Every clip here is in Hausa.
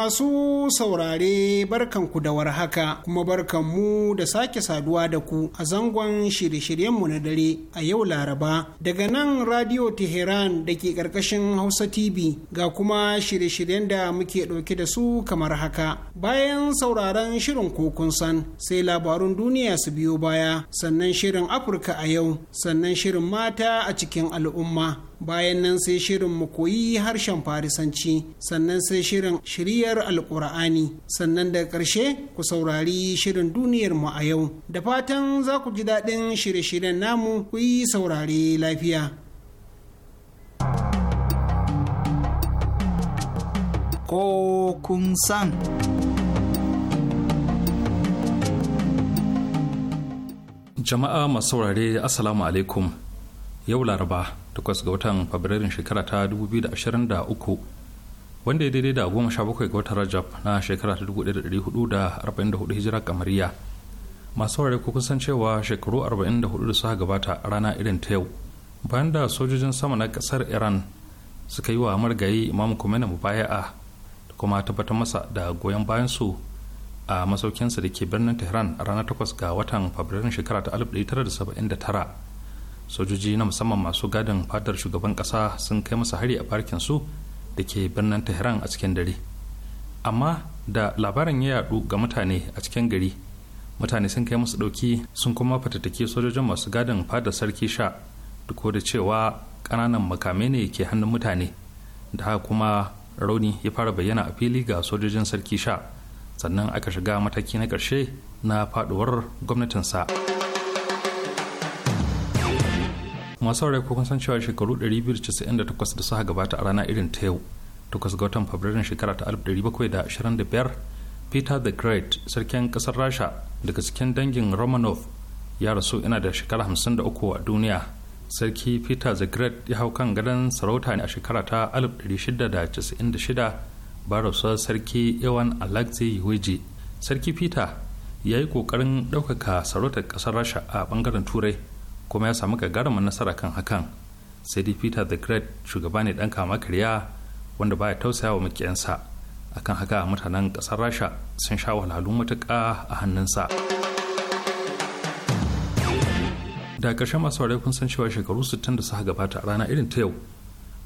Masu saurare barkanku da warhaka kuma barkanmu da sake saduwa da ku a zangon shirye-shiryenmu na dare a yau Laraba daga nan Radio Teheran da ke ƙarƙashin Hausa TV ga kuma shirye-shiryen da muke ɗauke da su kamar haka. Bayan sauraron shirin kokun san sai labarun duniya su biyo baya sannan shirin Afirka a yau sannan shirin mata a cikin al'umma. bayan nan sai shirin mu koyi harshen farisanci sannan sai shirin shiryar alkur'ani sannan da ƙarshe ku saurari shirin duniyar mu a yau da fatan za ku ji daɗin shirye-shiryen namu ku yi saurare lafiya ko kun san jama'a masu saurare assalamu alaikum yau laraba 8 ga watan fabrairun shekara ta 2023 wanda ya daidai da 17 ga watan rajab na shekara ta 1444 hijira kamariya masu ware ko kusan cewa shekaru 44 da suka gabata rana irin ta yau bayan da sojojin sama na kasar iran suka yi wa margayi imam kumena mubaya'a da kuma tabbatar masa da goyon bayansu a masaukinsa da ke birnin tehran a ranar 8 ga watan fabrairun shekara ta 1979 sojoji na musamman masu gadin fadar shugaban kasa sun kai masa hari a farkin su da ke birnin tehran a cikin dare amma da labarin ya yadu ga mutane a cikin gari mutane sun kai musu dauki sun kuma fatattake sojojin masu gadin fadar sarki sha duk da cewa kananan makamai ne ke hannun mutane da haka kuma rauni ya fara bayyana a fili ga sojojin sarki sha sannan aka shiga mataki na ƙarshe na faduwar gwamnatinsa. sa masu rai kun san cewa shekaru 298 da suka gabata a rana irin ta yau takwas ga watan fabrairun shekara ta 1725 peter the great sarkin kasar rasha daga cikin dangin romanov ya rasu ina da shekara 53 a duniya sarki peter the great ya hau kan gadon sarauta ne a shekara ta 1696 ba rasuwar sarki yawan alexei yuweji sarki peter ya yi kokarin ɗaukaka sarautar ƙasar rasha a ɓangaren turai kuma ya samu gagarumin nasara kan hakan sai dai peter the great shugaba ne dan kama karya wanda baya tausaya wa makiyansa akan haka mutanen kasar rasha sun sha wahalhalu matuƙa a hannunsa da ƙarshe masu ware kun san cewa shekaru 60 da suka gabata a rana irin ta yau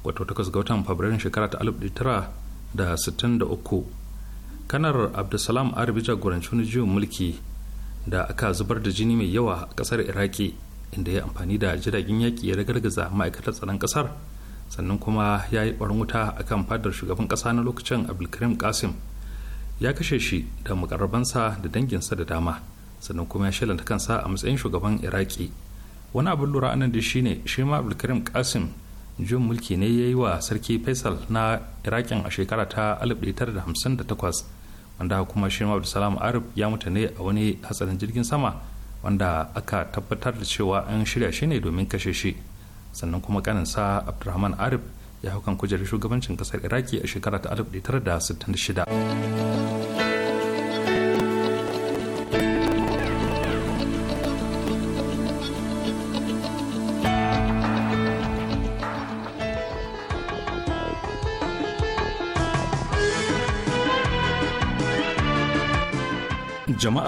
wato 8 ga watan fabrairun shekara ta 1963 kanar abdulsalam arabi jagoranci wani juyin mulki da aka zubar da jini mai yawa a ƙasar iraki inda ya amfani da jiragen yaƙi ya ragargaza ma'aikatar tsaron ƙasar sannan kuma ya yi barin wuta a kan fadar shugaban ƙasa na lokacin abdulkarim kasim ya kashe shi da mukarrabansa da danginsa da dama sannan kuma ya shalanta kansa a matsayin shugaban iraki wani abin lura anan da shine shi ma abdulkarim kasim jin mulki ne ya yi wa sarki faisal na irakin a shekara ta 1958 wanda kuma shi ma abdulsalam arab ya mutu ne a wani hatsarin jirgin sama wanda aka tabbatar da cewa an shirya shi ne domin kashe shi sannan kuma kaninsa abdulrahman arif ya hau kan kujerar shugabancin kasar iraki a shekara ta 1966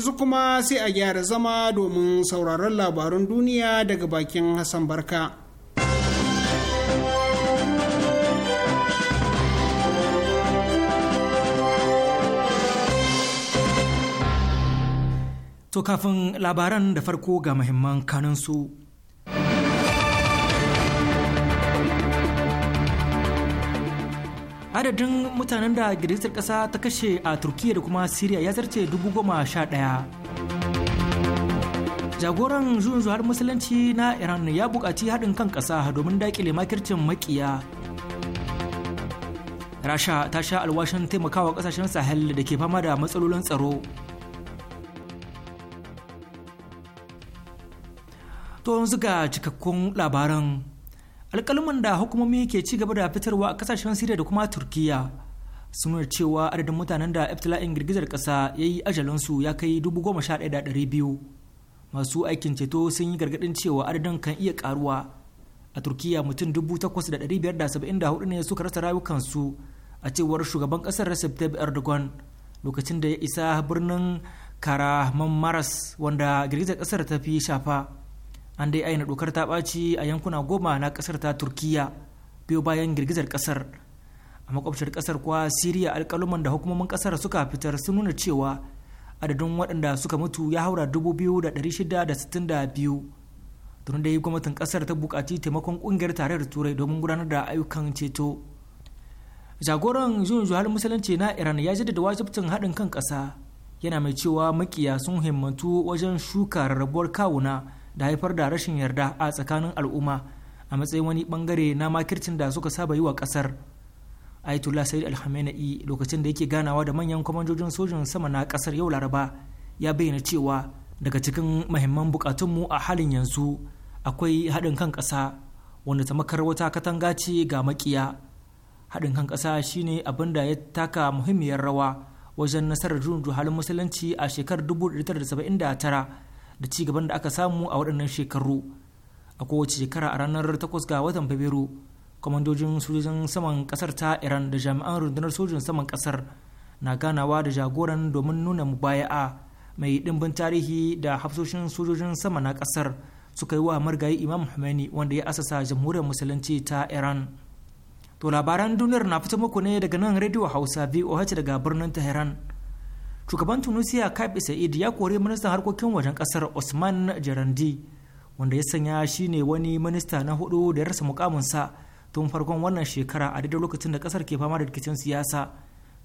yanzu kuma sai a gyara zama domin sauraron labarun duniya daga bakin Hassan Barka. To kafin labaran da farko ga muhimman kanunsu. adadin mutanen da girgizar ƙasa ta kashe a turkiya da kuma siriya ya zarce dubu goma sha ɗaya jagoran zuwan zuwar musulunci na iran ya bukaci haɗin kan ƙasa domin daƙile makircin makiya rasha ta sha alwashin taimakawa ƙasashen sahel da ke fama da matsalolin tsaro to yanzu ga cikakkun labaran alkaluman da hukumomi ke ci gaba da fitarwa a kasashen siriya da kuma turkiya sun nuna cewa adadin mutanen da iftila'in girgizar ƙasa ya yi ajalinsu ya kai dubu da ɗari masu aikin ceto sun yi gargaɗin cewa adadin kan iya karuwa a turkiya mutum dubu da ɗari ne suka rasa rayukansu a cewar shugaban ƙasar recep tayyip erdogan lokacin da ya isa birnin karaman wanda girgizar ƙasar ta fi shafa an dai aina dokar ta ɓaci a yankuna goma na ƙasar ta turkiya biyo bayan girgizar ƙasar a makwabciyar ƙasar kuwa siriya alƙaluman da hukumomin ƙasar suka fitar sun nuna cewa adadin waɗanda suka mutu ya haura biyu tun dai gwamnatin ƙasar ta buƙaci taimakon ƙungiyar tarayyar turai domin gudanar da ayyukan ceto jagoran jun juhal musulunci na iran ya jaddada wajibcin haɗin kan ƙasa yana mai cewa makiya sun himmatu wajen shuka rarrabuwar kawuna da haifar da rashin yarda a tsakanin al'umma a matsayin wani bangare na makircin da suka saba yi wa kasar ayatollah said al lokacin da yake ganawa da manyan kwamandojin sojin sama na kasar yau laraba ya bayyana cewa daga cikin mahimman bukatunmu a halin yanzu akwai haɗin kan ƙasa wanda ta makar wata katanga ce ga makiya haɗin kan ƙasa shine abin da ya taka muhimmiyar rawa wajen nasarar juyin halin musulunci a shekarar 1979 da cigaban da aka samu a waɗannan shekaru a kowace shekara a ranar 8 ga watan fabrairu kwamandojin sojojin saman kasar ta iran da jami'an rundunar sojin saman kasar na ganawa da jagoran domin nuna mubaya'a mai ɗimbin tarihi da hafsoshin sojojin sama na kasar suka yi wa margayi imam Khomeini wanda ya asasa jamhuriyar musulunci ta iran to labaran duniyar na fito muku ne daga nan rediyo hausa voh daga birnin tehran shugaban tunisia kaif sa'id ya kori ministan harkokin wajen kasar osman jarandi wanda ya sanya shi ne wani minista na hudu da ya rasa mukaminsa tun farkon wannan shekara a daidai lokacin da kasar ke fama da rikicin siyasa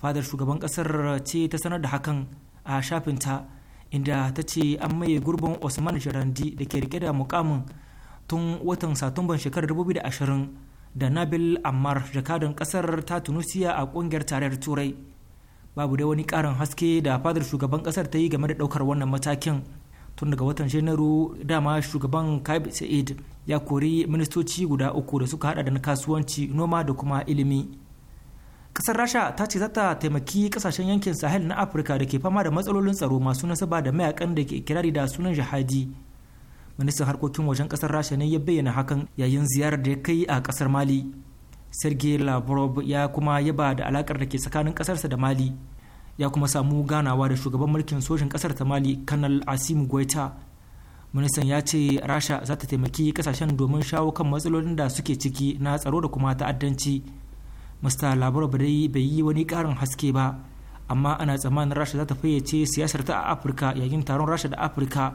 fadar shugaban kasar ce ta sanar da hakan a shafinta inda ta ce an maye gurbin osman jarandi da ke rike da mukamin tun watan satumban shekarar 2020 da nabil ammar jakadan kasar ta tunisia a kungiyar tarayyar turai babu dai wani karin haske da fadar shugaban kasar ta yi game da daukar wannan matakin tun daga watan janairu dama shugaban kaib sa'id ya kori ministoci guda uku da suka hada da kasuwanci noma da kuma ilimi kasar rasha ta ce za ta taimaki kasashen yankin sahel na afirka da ke fama da matsalolin tsaro masu nasaba da mayakan da ke kirari da sunan jihadi ministan harkokin wajen kasar rasha ne ya bayyana hakan yayin ziyarar da ya kai a kasar mali sergei lavrov ya kuma yaba da alakar da ke tsakanin kasarsa da mali ya kuma samu ganawa da shugaban mulkin sojin kasar ta mali kanal asim goita ministan ya ce rasha za ta taimaki kasashen domin shawo kan matsalolin da suke ciki na tsaro da kuma ta'addanci mr lavrov dai bai yi wani karin haske ba amma ana tsammanin rasha za ta fayyace siyasar ta a afirka yayin taron rasha da afirka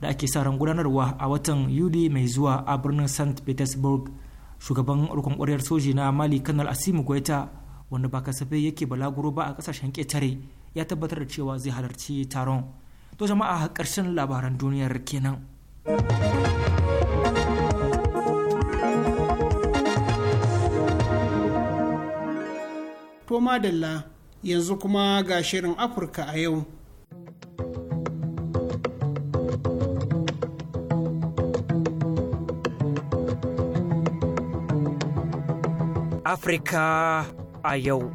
da ake sa ran gudanarwa a watan yuli mai zuwa a birnin st petersburg shugaban rukun ƙwariyar soji na mali kanal asimu gwaita wanda ba kasafai yake balaguro ba a kasashen ƙetare ya tabbatar da cewa zai halarci taron to jama'a ƙarshen labaran duniyar kenan to madalla yanzu kuma ga shirin afirka a yau Afirka a yau.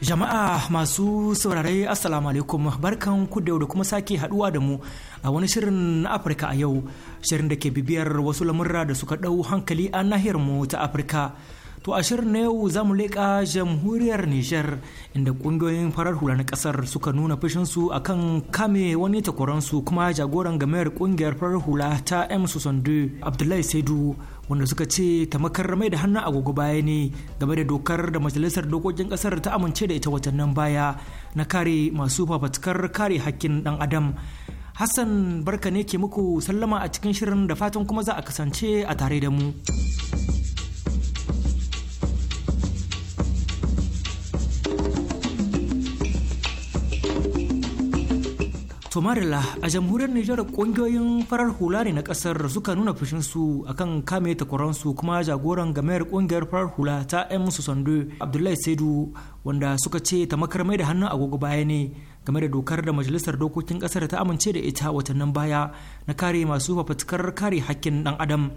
Jama'a masu saurare Assalamu alaikum barkan ku da da kuma sake haduwa da mu a wani shirin na Afirka a yau shirin da ke bibiyar wasu lamurra da suka ɗau hankali a nahiyar mu ta Afirka. To a shirin na yau za mu leƙa jamhuriyar Nijar inda ƙungiyoyin farar hula na ƙasar suka nuna fushinsu a kan kame wani takwaransu kuma jagoran gamayar ƙungiyar farar hula ta M. Abdullahi Saidu wanda suka ce ta makarramai da hannun agogo baya ne game da dokar da majalisar dokokin kasar ta amince da ita watannin baya na kare masu fafatkar kare hakkin dan adam hassan barka ne ke muku sallama a cikin shirin da fatan kuma za a kasance a tare da mu. tomarila a jamhuriyar nijar kungiyoyin farar hula ne na kasar suka nuna fushinsu akan kame takwaransu kuma jagoran gamayar kungiyar farar hula ta yan musu sando abdullahi saidu wanda suka ce ta mai da hannun agogo baya ne game da dokar da majalisar dokokin kasar ta amince da ita watannin baya na kare masu fafatukar kare hakkin ɗan adam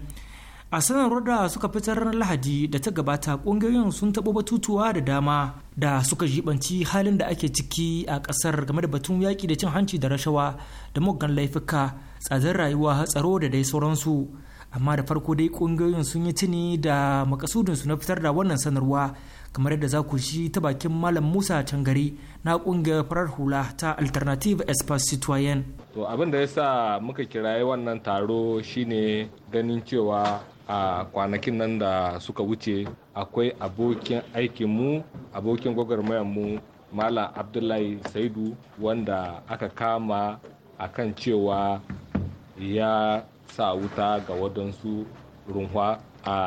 a sanarwar da suka fitar ranar lahadi da ta gabata kungiyoyin sun taɓo batutuwa da dama da suka jibanci halin da ake ciki a ƙasar game da batun yaƙi da cin hanci da rashawa da muggan laifuka tsadar rayuwa tsaro da dai sauransu amma da farko dai kungiyoyin sun yi tuni da makasudinsu na fitar da wannan sanarwa kamar da za ku ji ta bakin malam musa cangari na kungiyar farar hula ta alternative espace citoyen to abin da ya sa muka kirayi wannan taro shine ganin cewa a kwanakin nan da suka wuce akwai abokin aikinmu abokin mu malam abdullahi saidu wanda aka kama a kan cewa ya sa wuta ga wadansu runwa a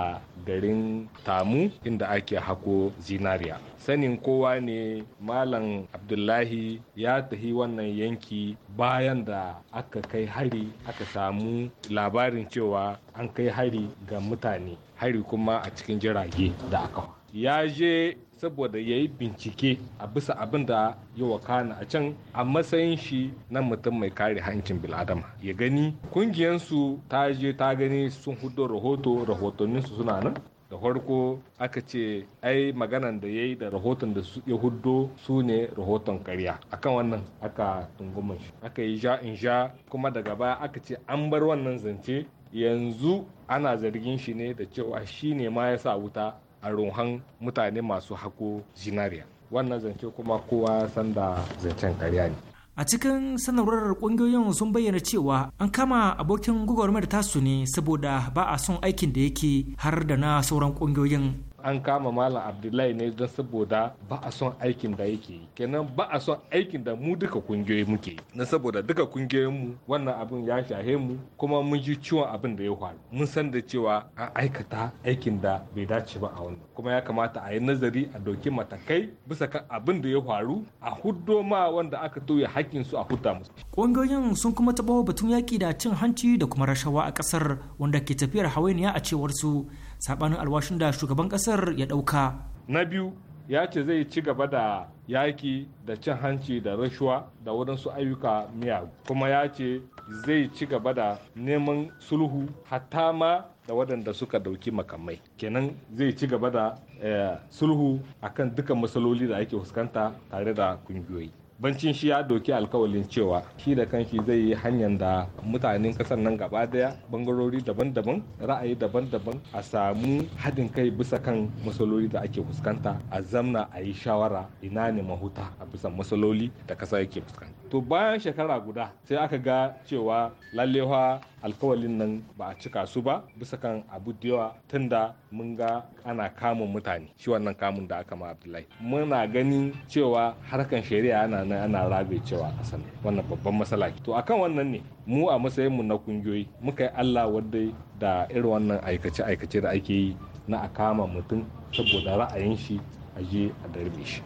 garin tamu inda ake hako zinariya sanin kowa ne malam abdullahi ya tahi wannan yanki bayan da aka kai hari aka samu labarin cewa an kai hari ga mutane hari kuma a cikin jirage da aka ya je saboda ya yi bincike a bisa abin da ya wakana a can a matsayin shi na mutum mai kare hancin biladama ya gani kungiyansu ta je ta gani sun hudo rahoto rahotanninsu suna nan da farko aka ce ai maganan da ya yi da rahoton da ya hudu su ne rahoton karya akan wannan aka tungumin shi aka yi ja in ja kuma daga baya aka ce an bar wannan zance yanzu ana zargin shi ne da cewa shi ne ma ya sa wuta a rohan mutane masu hako zinariya wannan zance kuma kowa sanda zancen karya ne a cikin sanarwar kungiyoyin sun bayyana cewa an kama abokin gwagwarmar tasu ne saboda ba a son aikin da yake har da na sauran kungiyoyin an kama malam abdullahi ne don saboda ba a son aikin da yake yi kenan ba a son aikin da mu duka kungiyoyi muke na saboda duka kungiyoyin mu wannan abin ya shahe mu kuma mun ji ciwon abin da ya faru mun san da cewa an aikata aikin da bai dace ba a wannan kuma ya kamata a yi nazari a doki matakai bisa kan abin da ya faru a huddo ma wanda aka tuya hakkin su a huta musu ƙungiyoyin sun kuma taɓa batun yaƙi da cin hanci da kuma rashawa a ƙasar wanda ke tafiyar hawainiya a cewar su saɓanin alwashin da shugaban ƙasar ya ɗauka na biyu ya ce zai ci gaba da yaki da cin hanci da rashuwa da waɗansu ayyuka miyagu kuma ya ce zai ci gaba da neman sulhu hatta ma da waɗanda suka ɗauki makamai kenan zai ci gaba da eh, sulhu akan duka matsaloli da ake fuskanta tare da kungiyoyi bancin shi ya doki alkawalin cewa shi da kanshi zai yi hanyar da mutanen kasar nan gaba daya bangarori daban-daban ra'ayi daban-daban a samu haɗin kai bisa kan matsaloli da ake fuskanta a zamna a yi shawara ina ne mahuta a bisa matsaloli da kasa yake fuskanta to bayan shekara guda sai aka ga cewa lallewa alkawalin nan ba a cika su ba bisa kan abu da yawa tunda mun ga ana kamun mutane shi wannan kamun da aka ma abdullahi muna ganin cewa harkan shari'a ana nan ana rabe cewa a san wannan babban matsala to akan wannan ne mu a matsayin mu na kungiyoyi muka yi Allah wadda da irin wannan aikace aikace da ake yi na a kama mutum saboda ra'ayin shi a je a darbe shi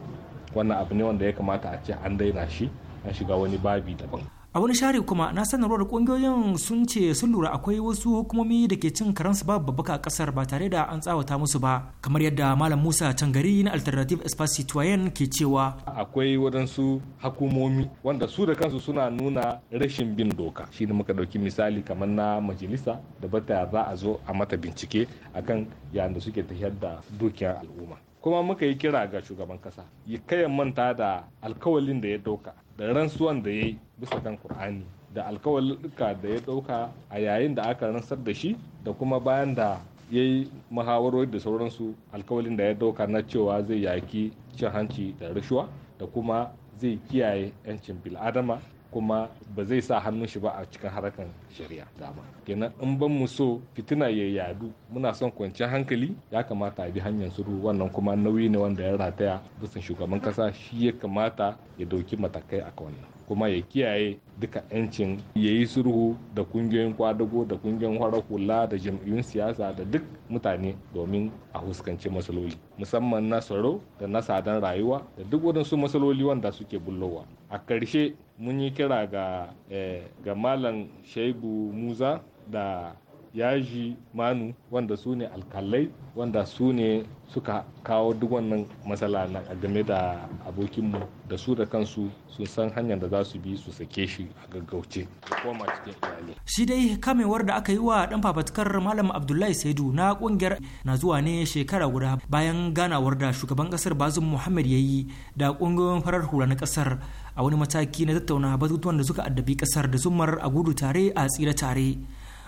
wannan abu ne wanda ya kamata a ce an daina shi an shiga wani babi daban a wani share kuma na sanarwar kungiyoyin sun ce sun lura akwai wasu hukumomi da ke cin karansu babu babbaka a kasar ba tare da an tsawata musu ba kamar yadda malam musa cangari na alternative espace citoyen ke cewa akwai wadansu hukumomi wanda su da kansu suna nuna rashin bin doka shi ne muka ɗauki misali kamar na majalisa da bata za a zo a mata bincike akan yadda suke tafiyar da dukiyar al'umma kuma muka yi kira ga shugaban kasa ya kayan manta da alkawalin da ya dauka da rantsuwan da ya yi bisa kan Kur'ani da alkawalluka da ya ɗauka a yayin da aka rantsar da shi da kuma bayan da ya yi muhawarori da sauransu alkawalin da ya ɗauka na cewa zai yaki cin hanci da rashuwa da kuma zai kiyaye 'yancin bil'adama kuma ba zai sa hannun shi ba a cikin harakan shari'a dama kenan in ban mu so fitina ya yadu muna son kwanciyar hankali ya kamata a bi hanyar suru wannan kuma nauyi ne wanda ya rataya bisa shugaban kasa shi ya kamata ya dauki matakai a wannan kuma ya kiyaye duka 'yancin ya yi surhu da kungiyoyin kwadago da kungiyoyin horar hula da jam'iyyun siyasa da duk mutane domin a huskanci matsaloli musamman na tsaro da na sadan rayuwa da duk waɗansu matsaloli wanda suke bullowa a ƙarshe mun yi kira ga eh, ga malam shaibu muza da yaji manu wanda su ne alkalai wanda su ne suka kawo duk wannan matsala na game da abokinmu da su da kansu sun san hanyar da za su bi su sake shi a gaggauce koma cikin iyali. shi dai kamewar da aka yi wa dan fafatkar malam abdullahi saidu na kungiyar na zuwa ne shekara guda bayan ganawar da shugaban kasar bazin muhammad ya yi da kungiyoyin farar hula na kasar a wani mataki na tattauna batutuwan da suka addabi kasar da zumar a gudu tare a tsira tare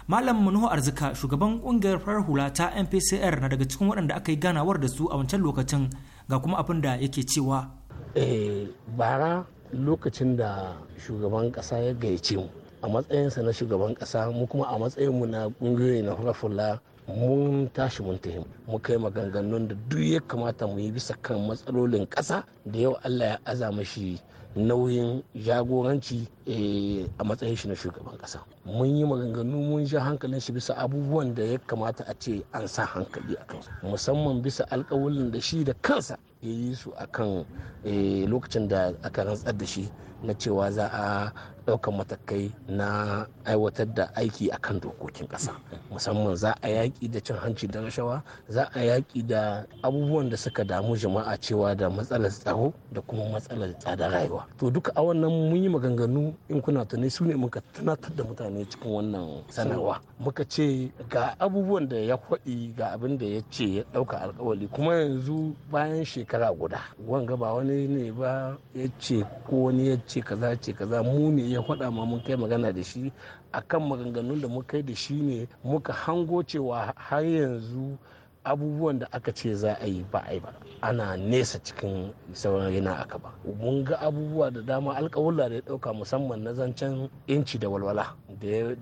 malam manuhu arzika shugaban kungiyar farar hula ta mpcr na daga cikin waɗanda aka yi ganawar da su a wancan lokacin ga kuma abin da yake cewa eh, bara lokacin da shugaban ƙasa ya gayyace mu a matsayinsa na shugaban ƙasa mu kuma a matsayin mu na ƙungiyoyi na farar hula mun tashi mun tahi mu kai maganganun da duk ya kamata mu yi bisa kan matsalolin ƙasa da yau Allah ya aza mashi nauyin jagoranci eh, a matsayin shi na shugaban kasa mun yi maganganu mun sha hankalin shi bisa abubuwan da ya kamata a ce an sa hankali a kansu musamman bisa alkawalin da shi da kansa ya yi su a kan eh, lokacin da aka rantsar da shi na cewa za a ɗaukar matakai na aiwatar da aiki a kan dokokin ƙasa musamman za a yaƙi da cin hanci da rashawa za a yaƙi da abubuwan da suka damu jama'a cewa da matsalar tsaro da kuma matsalar tsada rayuwa to duka a wannan mun yi maganganu in kuna tunai su ne muka tunatar da mutane cikin wannan sanarwa muka ce ga abubuwan da ya faɗi ga abin da ya ce ya ɗauka alkawali kuma yanzu bayan shekara guda wanga ba wani ne ba ya ce ko wani ya ce kaza ce kaza mu ne ya faɗa ma mun kai magana da shi akan maganganun da muka kai da shi ne muka hango cewa har yanzu abubuwan da aka ce za a yi ba a yi ba ana nesa cikin sauran yana aka ba mun ga abubuwa da dama alkawulla da ya ɗauka musamman na zancen inci da walwala da ya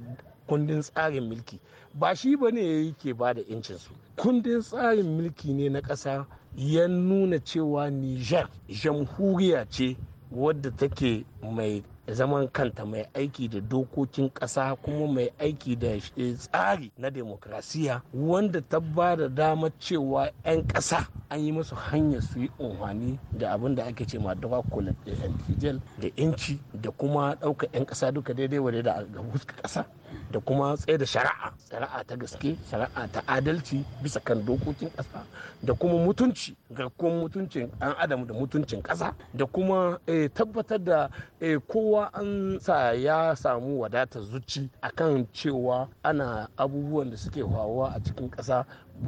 kundin tsarin mulki ba shi ba ne yake ba da incinsu kundin tsarin mulki ne na ƙasa ya nuna cewa niger jamhuriya ce wadda take mai zaman kanta mai aiki da dokokin ƙasa kuma mai aiki da eh, tsari na demokrasiya wanda ta ba da damar cewa 'yan ƙasa an yi musu hanyar su yi unhani da abin da ake ce ma dawa da inci da kuma ɗaukar 'yan ƙasa duka daidai wadai da ga ƙasa da kuma tsaye da shari'a shari'a ta gaske shari'a ta adalci bisa kan dokokin ƙasa da kuma mutunci ga mutuncin an adam da mutuncin ƙasa da kuma eh, tabbatar da eh, kowa an sa ya samu wadatar zuci akan cewa ana abubuwan da suke faruwa a cikin ƙasa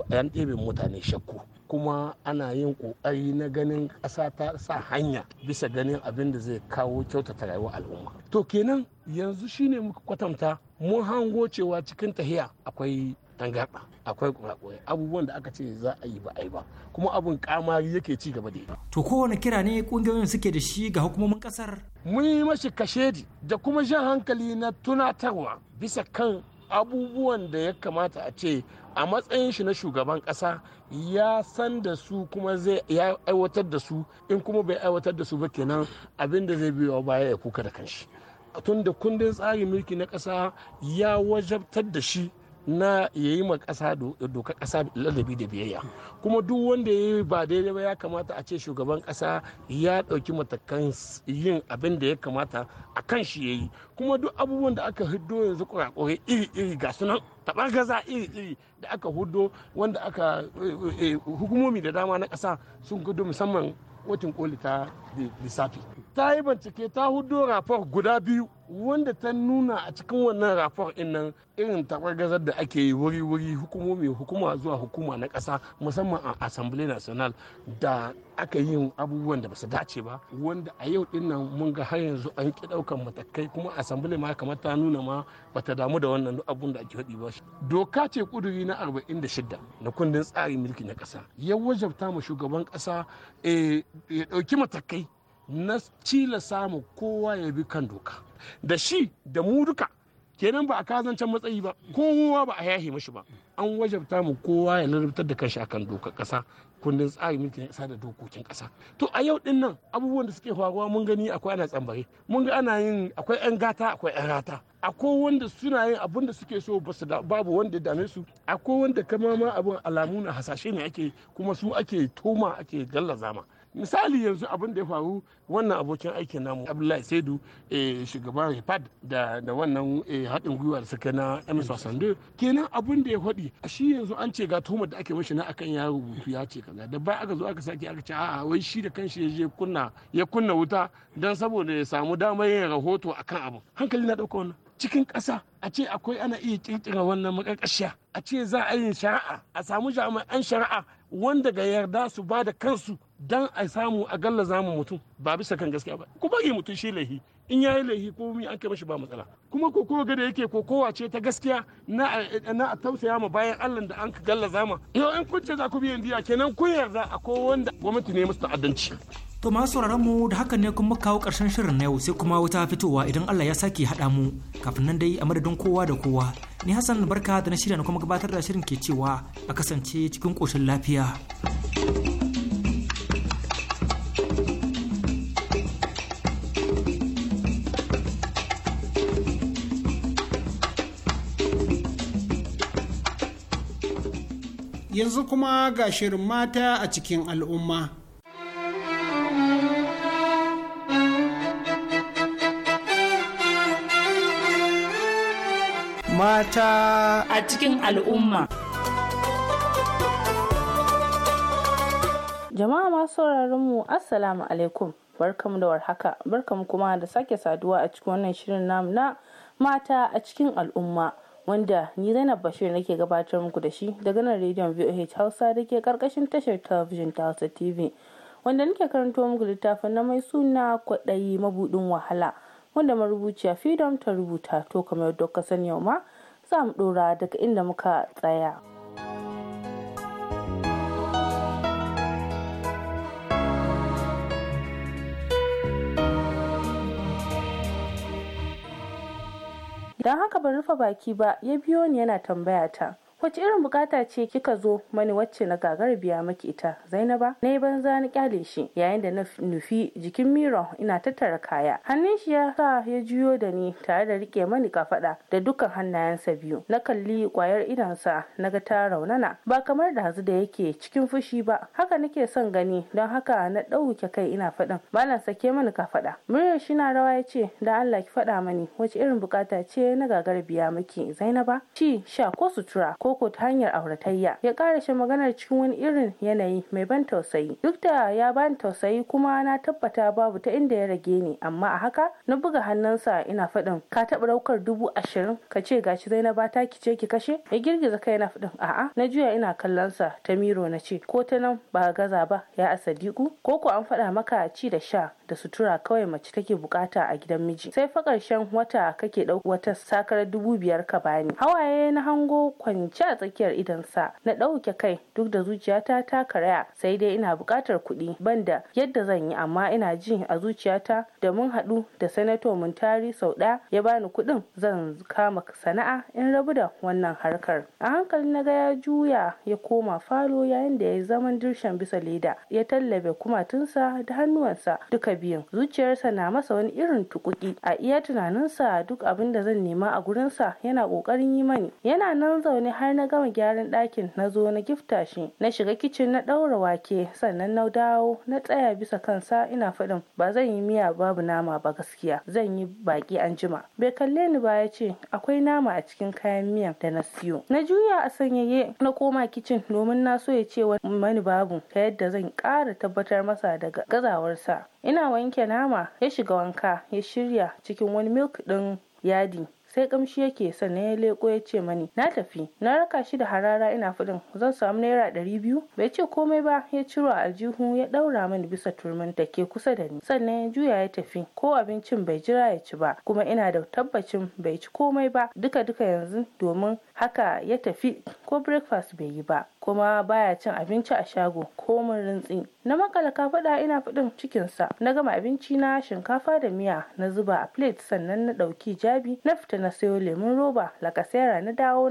yan ɗebe mutane shakku kuma ana yin ƙoƙari na ganin ƙasa ta sa hanya bisa ganin abin da zai kawo kyautata rayuwar al'umma to kenan yanzu shine muka kwatanta mun hango cewa cikin tahiya akwai tangarɗa akwai kurakurai abubuwan da aka ce za a yi ba a yi ba kuma abin kamari yake ci gaba da to kowane kira ne kungiyoyin suke da shi ga hukumomin ƙasar. mun yi mashi kashedi da kuma jan hankali na tunatarwa bisa kan abubuwan da ya kamata a ce a matsayin shi na shugaban kasa ya san da su kuma zai ya aiwatar da su in kuma bai aiwatar da su ba kenan abin da zai biyo baya ya kuka da kanshi tun da kundin tsarin mulki na kasa ya wajabtar da shi na ya yi ma ƙasa doka ƙasa ladabi da biyayya kuma duk wanda ya yi ba daidai ba ya kamata a ce shugaban ƙasa ya ɗauki matakan yin abin da ya kamata a kan shi ya yi kuma duk abubuwan da aka hiddo yanzu kurakure iri-iri ga sunan taɓar gaza iri-iri da aka hudo wanda aka eh, eh, eh, hukumomi da dama na ƙasa sun gudu musamman watan koli ta lissafi ta yi bincike ta hudo rafor guda biyu wanda ta nuna a cikin wannan rafor nan irin tabargazar da ake yi wuri-wuri hukumomi hukuma zuwa hukuma na ƙasa musamman a assembly national da aka yi abubuwan da basu dace ba wanda a yau din nan mun ga har yanzu an ki daukan matakai kuma assembly ma kamar ta nuna ma bata damu da wannan abun da ake faɗi ba doka ce kuduri na 46 na kundin tsarin mulki na ƙasa ya wajabta ma shugaban ƙasa eh, ya ɗauki matakai na cila samu kowa ya bi kan doka da shi da mu duka kenan ba a kazancen matsayi ba kowa ba a yahi mashi ba an wajabta mu kowa ya larabtar da kanshi akan doka kasa kundin tsari mulki ya isa da dokokin kasa to a yau din nan abubuwan da suke faruwa mun gani akwai ana tsambare mun ga ana yin akwai yan gata akwai yan rata akwai wanda suna yin abin da suke so basu da babu wanda dame su akwai wanda kama ma abin alamu na hasashe ne ake kuma su ake toma ake gallaza ma misali yanzu abin da ya faru wannan abokin aikin namu abdullahi saidu eh, shugaban repad da wannan eh, haɗin da suka na ms wasandu kenan abin da ya faɗi shi yanzu an ce ga tuhumar da ake mashi na akan ya rubutu ya ce kaza da ba aka zo aka sake aka ce a'a wai shi da kanshi ya je kunna ya kunna wuta dan saboda ya samu damar yin rahoto akan abu hankali na ɗauka wannan cikin ƙasa a ce akwai ana iya kirkira wannan makarkashiya a ce za a yi shari'a a samu jami'an shari'a wanda ga yarda su ba da kansu dan a samu a galla zamu mutum ba bisa kan gaskiya ba kuma yi mutum shi laihi in yayi laihi ko mi an kai mashi ba matsala kuma ko kowa da yake ko kowa ce ta gaskiya na na tausaya ma bayan Allah da an ka galla zama yau in kun ce za ku biyan diya kenan kun yarda a ko wanda gwamnati ne musu ta'addanci to ma sauraron mu da hakan ne kuma kawo karshen shirin na yau sai kuma wata fitowa idan Allah ya sake hada mu kafin nan dai a madadin kowa da kowa ni Hassan barka da na shirya na kuma gabatar da shirin ke cewa a kasance cikin koshin lafiya. yanzu kuma ga shirin mata a cikin al'umma. Mata a cikin al'umma. Jama'a masu sauraronmu Assalamu alaikum, barkamu da warhaka, barkamu kuma da sake saduwa a cikin wannan shirin namu na mata a cikin al'umma. wanda ni Zainab Bashir nake gabatar muku da shi daga nan rediyon VOH Hausa da ke karkashin tashar talabijin ta Hausa TV. Wanda nake karanto muku littafin na mai suna kwaɗayi mabuɗin wahala wanda marubuciya Freedom ta rubuta to kamar yadda ka sani yau ma za mu ɗora daga inda muka tsaya. don haka ban rufe baki ba ya biyo ni yana tambaya ta wace irin bukata ce kika zo mani wacce na gagar biya maki ita zainaba na yi banza na kyale shi yayin da na nufi jikin miro ina tattara kaya hannun shi ya sa ya juyo da ni tare da rike mani kafada da dukkan hannayensa biyu na kalli kwayar idonsa na ga ta raunana ba kamar da hazu da yake cikin fushi ba haka nake son gani don haka na ɗauke kai ina faɗin malam sake mani kafada muryar shi na rawa ya ce da Allah ki faɗa mani wace irin bukata ce na gagar biya maki zainaba ci sha ko sutura ko koko ta hanyar auratayya ya ƙara shi maganar cikin wani irin yanayi mai ban tausayi duk da ya ban tausayi kuma na tabbata babu ta inda ya rage ni amma a haka na buga hannunsa ina faɗin ka taɓa ɗaukar dubu ashirin ka ce gashi ba ta ki ce ki kashe ya girgiza kai na faɗin a'a na juya ina kallon sa ta miro na ce ko ta nan ba gaza ba ya asadiku ko ko an faɗa maka ci da sha da sutura kawai mace take bukata a gidan miji sai fa ƙarshen wata kake ɗauka wata sakar dubu biyar ka bani hawaye na hango kwanci ci a tsakiyar idonsa na ɗauke kai duk da zuciyata ta karaya sai dai ina buƙatar kuɗi banda yadda zan yi amma ina ji a zuciyata da mun haɗu da sanato muntari sau ɗaya ya bani kuɗin zan kama sana'a in rabu da wannan harkar a hankali na ga ya juya ya koma falo yayin da ya zaman dirshan bisa leda ya tallabe kumatunsa da hannuwansa duka biyun zuciyarsa na masa wani irin tukuki a iya tunaninsa duk abin da zan nema a gurinsa yana ƙoƙarin yi mani yana nan zaune har har na gama gyaran ɗakin na zo na gifta shi na shiga kicin na ɗaura wake sannan na dawo na tsaya bisa kansa ina faɗin ba zan yi miya babu nama ba gaskiya zan yi baki an jima bai kalle ni ba ya ce akwai nama a cikin kayan miyan da na siyo na juya a sanyaye na koma kicin domin na so ya ce mani babu ta yadda zan ƙara tabbatar masa daga gazawarsa ina wanke nama ya shiga wanka ya shirya cikin wani milk ɗin yadi sai kamshi yake sannan ya leko ya ce mani na tafi na raka shi da harara ina fudin zan samu naira ɗari biyu bai ce komai ba ya ciro a aljihu ya ɗaura mani bisa turmin da ke kusa da ni sannan ya juya ya tafi ko abincin bai jira ya ci ba kuma ina da tabbacin bai ci komai ba duka duka yanzu domin haka ya tafi ko breakfast bai yi ba kuma baya cin abinci a shago ko mun rintsi na makala faɗa ina faɗin cikinsa na gama abinci na shinkafa da miya na zuba a plate sannan na ɗauki jabi na fita na sayo lemun roba lakasera na dawo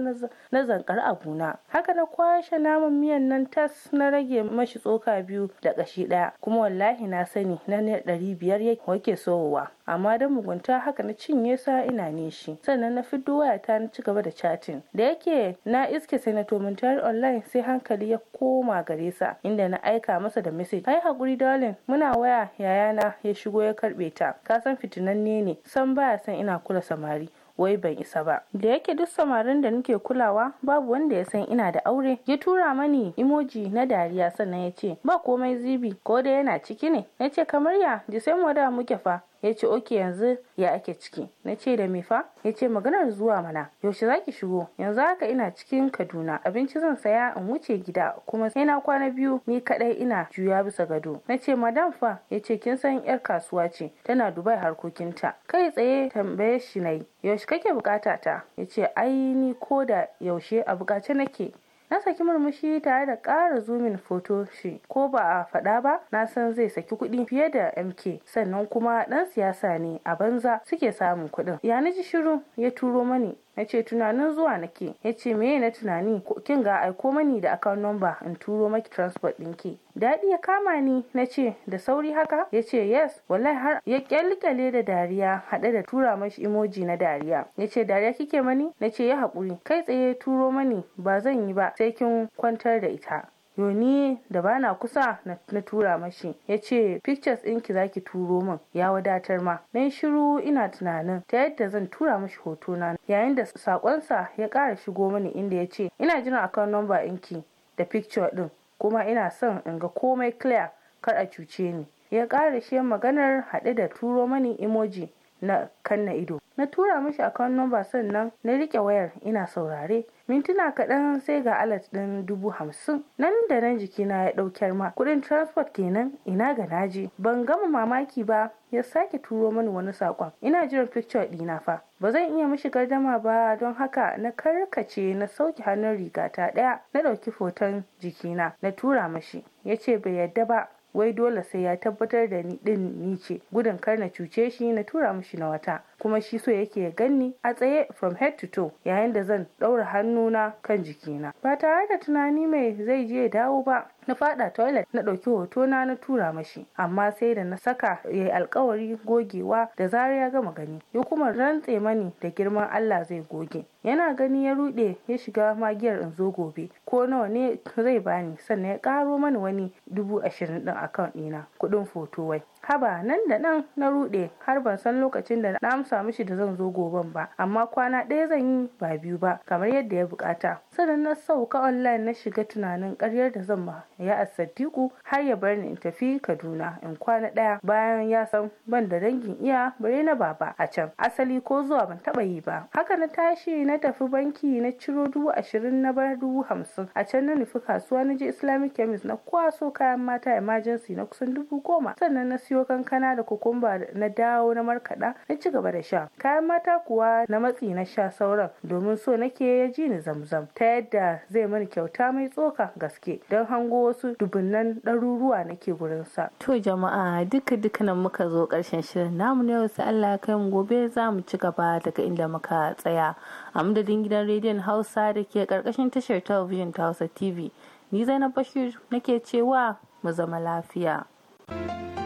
na zankar abuna haka na kwashe naman miyan nan tas na rage mashi tsoka biyu da kashi ɗaya kuma wallahi na sani na ɗari biyar yake sowa amma don mugunta haka na cinye sa ina nishi sannan na fiddo wayata na ci gaba da chatting da yake na iske senator Muntari online sai hankali ya koma gare sa inda na aika masa da message kai hakuri darling muna waya yayana ya shigo ya karbe ta ka san fitinanne ne san baya san ina kula samari wai ban isa ba da yake duk samarin da nake kulawa babu wanda ya san ina da aure ya tura mani imoji na dariya sannan ya ce ba komai zibi ko da yana ciki ne ya ce kamar ya da sai mu da muke fa ya ce oke yanzu ya ake ciki na ce da me fa ya ce maganar zuwa mana yaushe za ki shigo yanzu haka ina cikin kaduna abinci zan saya in wuce gida kuma sai na kwana biyu ni kadai ina juya bisa gado na ce madam fa ya ce kin san yar kasuwa ce tana dubai harkokinta kai tsaye tambaye shi nayi yaushe kake bukata ta ya ce ai ni ko da yaushe a bukace nake na saki murmushi tare da ƙara zumin foto shi ko ba a faɗa ba na san zai saki kuɗi fiye da mk sannan kuma ɗan siyasa ne a banza suke samun kuɗin ya ji shiru ya turo mani na ce tunanin zuwa nake ya ce me na tunani kin ga aiko mani da account number in turo maki transport ɗinki daɗi ya kama ni na ce da sauri haka ya ce yes wallahi har ya kyalkyale da dariya haɗe da tura mashi emoji na dariya ya ce dariya kike mani na ce ya haƙuri kai tsaye turo mani ba zan yi ba sai kin kwantar da ita yoni da bana kusa na tura mashi ya ce pictures ɗinki zaki turo min ya wadatar ma na shiru ina tunanin ta yadda zan tura mashi hotona na yayin da sakonsa ya ƙara shigo mini inda ya ce ina jiran akan nomba ɗinki da picture ɗin kuma ina son in ga komai clear kar a cuce ni ya ƙara shi maganar haɗe da turo mani emoji na kanna ido na tura mishi account number sannan na rike wayar ina saurare mintuna kaɗan sai ga alat ɗin dubu hamsin nan da nan jikina ya ɗaukar ma kuɗin transport kenan ina ga naje ban gama mamaki ba ya sake turo mani wani saƙon ina jiran picture ɗina fa ba zan iya mishi gardama ba don haka na karkace na sauke hannun rigata ɗaya na ɗauki hoton jikina na tura mashi ya ce bai yadda ba wai dole sai ya tabbatar da ni ɗin ni ce gudun kar na cuce shi na tura mashi na wata kuma shi so yake ya ganni a tsaye from head to toe yayin da zan ɗaura hannuna kan jikina ba tare da tunani mai zai je dawo ba na fada toilet na ɗauki hotona na tura mashi amma sai da na saka ya yi alkawari gogewa da zarar ya gama gani ya kuma rantse mani da girman Allah zai goge yana gani ya rude ya shiga magiyar in zo gobe ko nawa ne zai bani sannan ya karo mani wani dubu ashirin din akan ɗina kuɗin foto wai haba nan da nan na rude har ban san lokacin da na amsa mishi da zan zo goben ba amma kwana ɗaya zan yi ba biyu ba kamar yadda ya bukata sannan na sauka online na shiga tunanin karyar da zan ma ya asaddiku har ya bar ni in tafi kaduna in kwana ɗaya bayan ya san ban da dangin iya bare na baba a can asali ko zuwa ban taba yi ba haka na tashi na tafi banki na ciro dubu ashirin na bar dubu hamsin a can na nufi kasuwa na je islamic chemist na kwaso kayan mata emergency na kusan dubu goma sannan na siyo kiwo kankana da kukumba na dawo na markaɗa na ci gaba da sha kayan mata kuwa na matsi na sha sauran domin so nake ya ji ni zamzam ta yadda zai mani kyauta mai tsoka gaske don hango wasu dubunnan ɗaruruwa nake sa. to jama'a duka duka nan muka zo karshen shirin namu ne yau sai Allah ya kai mu gobe za mu ci gaba daga inda muka tsaya a madadin gidan rediyon hausa da ke karkashin tashar talabijin ta hausa tv ni zainab bashir nake cewa mu zama lafiya. thank you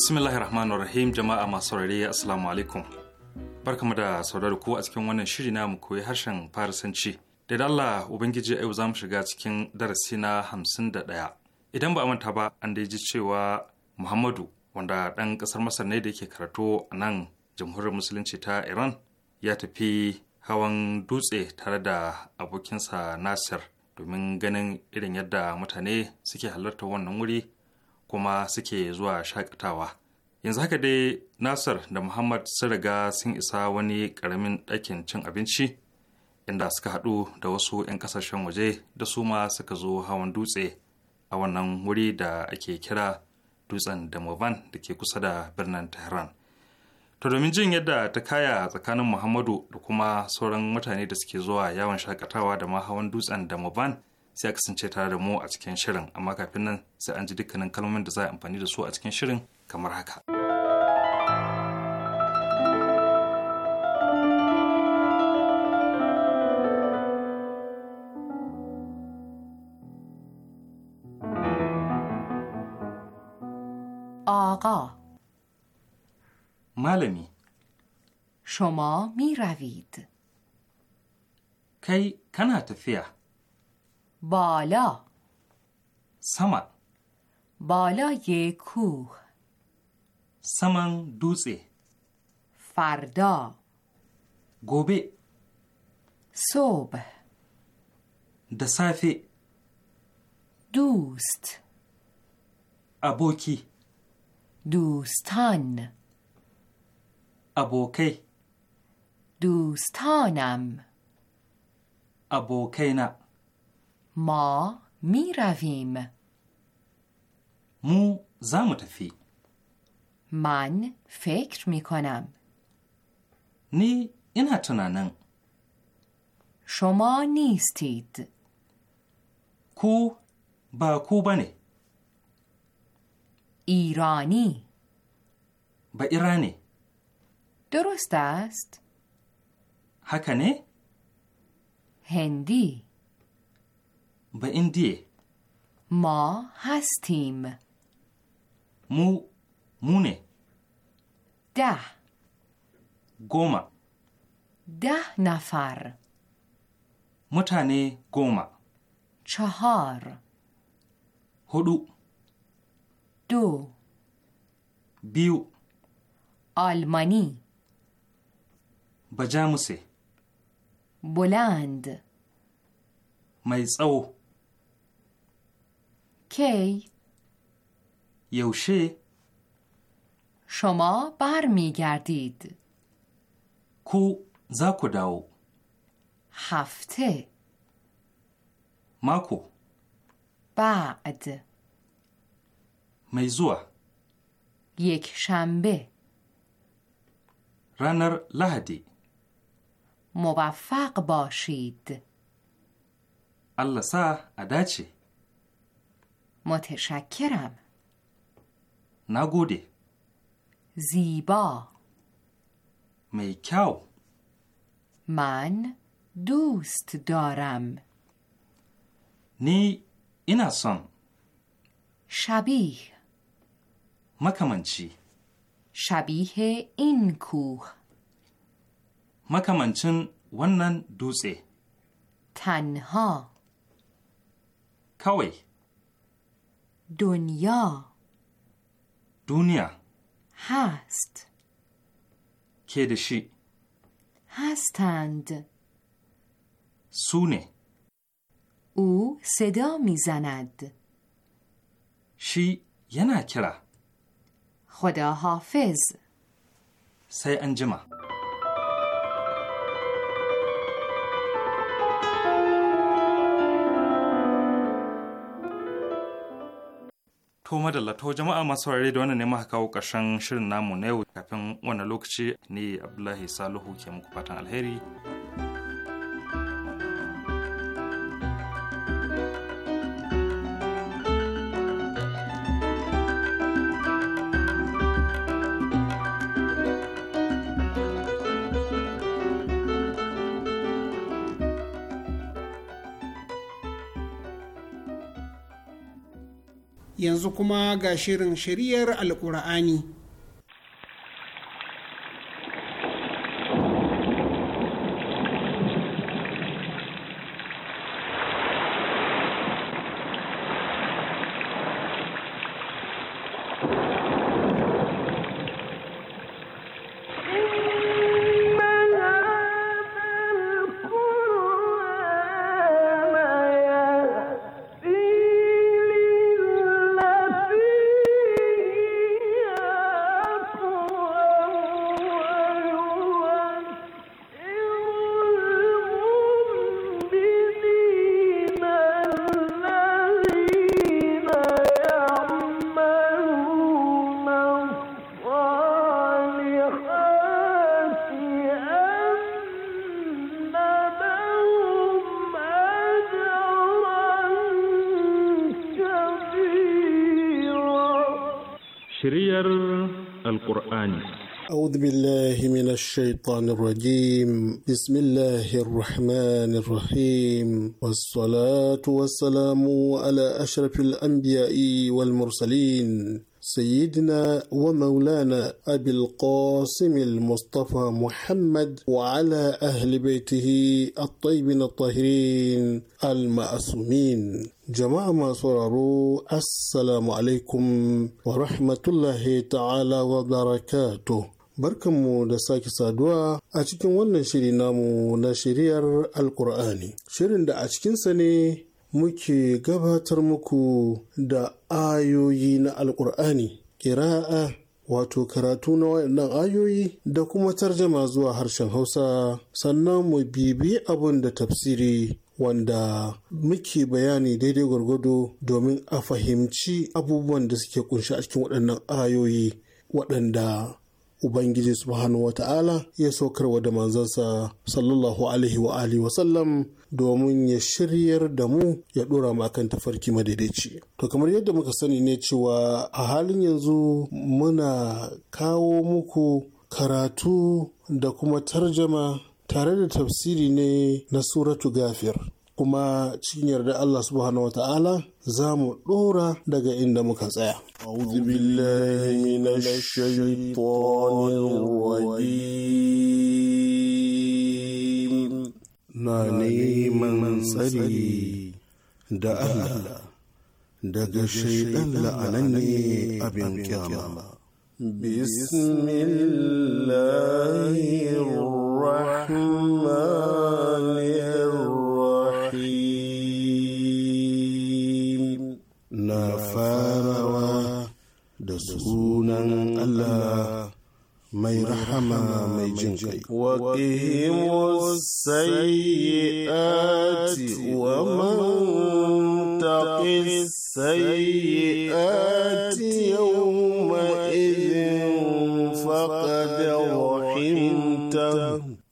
bismillahi rahmanir rahim jama'a masu saurare assalamu alaikum barkamu da saurari ku a cikin wannan shiri na mu koyi harshen farisanci da Allah ubangiji yau za mu shiga cikin darasi na hamsin da ɗaya idan ba a manta ba an da ji cewa muhammadu wanda ɗan ƙasar masar ne da yake karatu a nan jamhuriyar musulunci ta iran ya tafi hawan dutse tare da abokinsa nasir domin ganin irin yadda mutane suke halartar wannan wuri kuma suke zuwa shakatawa yanzu haka dai nasir da muhammad sun riga sun isa wani ƙaramin ɗakin cin abinci inda suka haɗu da wasu 'yan ƙasashen waje da su ma suka zo hawan dutse a wannan wuri da ake kira dutsen damovan da ke kusa da birnin tehran To domin jin yadda ta kaya tsakanin Muhammadu da kuma sauran mutane da suke zuwa yawon shakatawa da ma hawan dutsen da sai kasance tare da mu a cikin shirin amma kafin nan sai an ji dukkanin kalmomin da za a amfani da su a cikin shirin kamar haka. آقا معلمی شما می روید کی کنه تفیه بالا سما بالای کوه سمن دوزه فردا گوبه صبح دسافه دوست ابوکی دوستان ابوکی دوستانم ابوکینا ما می رویم مو زمتفی من فکر می کنم نی این تنانن شما نیستید کو با کو بانه؟ ایرانی با ایرانی درست است حکنه هندی به این دی ما هستیم مو مونه ده گوما ده نفر متانه گوما چهار هدو دو بیو آلمانی بجاموسه بلند mai tsawo کی یوشه شما بر می گردید کو زاکو داو هفته ماکو بعد میزوع یک شنبه رانر لهدی موفق باشید الله سا اداچه متشکرم نگودی. زیبا میکاو من دوست دارم نی این اصان شبیه مکمنچی شبیه این کوه مکمنچن ونن دوزه تنها کوی دنیا دنیا هست کدشی هستند سونه او صدا میزند شی یه نکره خدا حافظ سی انجمه To madalla to jama'a masu saurare da wannan ne muka kawo karshen shirin namu na yau kafin wannan lokaci ne Abdullahi Salihu ke muku fatan alheri yanzu kuma ga shirin shiriyar alkur'ani شرير القرآن أعوذ بالله من الشيطان الرجيم بسم الله الرحمن الرحيم والصلاة والسلام على أشرف الأنبياء والمرسلين سيدنا ومولانا أبي القاسم المصطفى محمد وعلى أهل بيته الطيبين الطاهرين المأسومين jama'a masu sauraro assalamu alaikum wa rahmatullahi ta'ala wa Barkan mu da sake saduwa a cikin wannan shiri namu na shiriyar alƙur'ani, shirin da a cikinsa ne muke gabatar muku da ayoyi na alkur'ani kiraa wato karatu na waɗannan ayoyi da kuma tarjama zuwa harshen hausa sannan mu bibi abin da tafsiri wanda muke bayani daidai gwargwado domin a fahimci abubuwan da suke kunshi a cikin waɗannan ayoyi waɗanda ubangiji subhanahu wata'ala ya saukarwa da manzansa sallallahu alaihi wa alihi wasallam domin ya shiryar da mu ya dora mu akan tafarki madaidaici to kamar yadda muka sani ne cewa a halin yanzu muna kawo muku karatu da kuma tarjama tare da tafsiri ne na suratu gafir kuma cikin yarda Allah subhanahu wa ta'ala za mu ɗora daga inda muka tsaya. na neman tsari da Allah daga shaidan la'ananne abin kyama. Bismillahirrahmanirrahim rahama mai jin kai وقهم السيئات ومن تق السيئات يومئذ فقد رحمته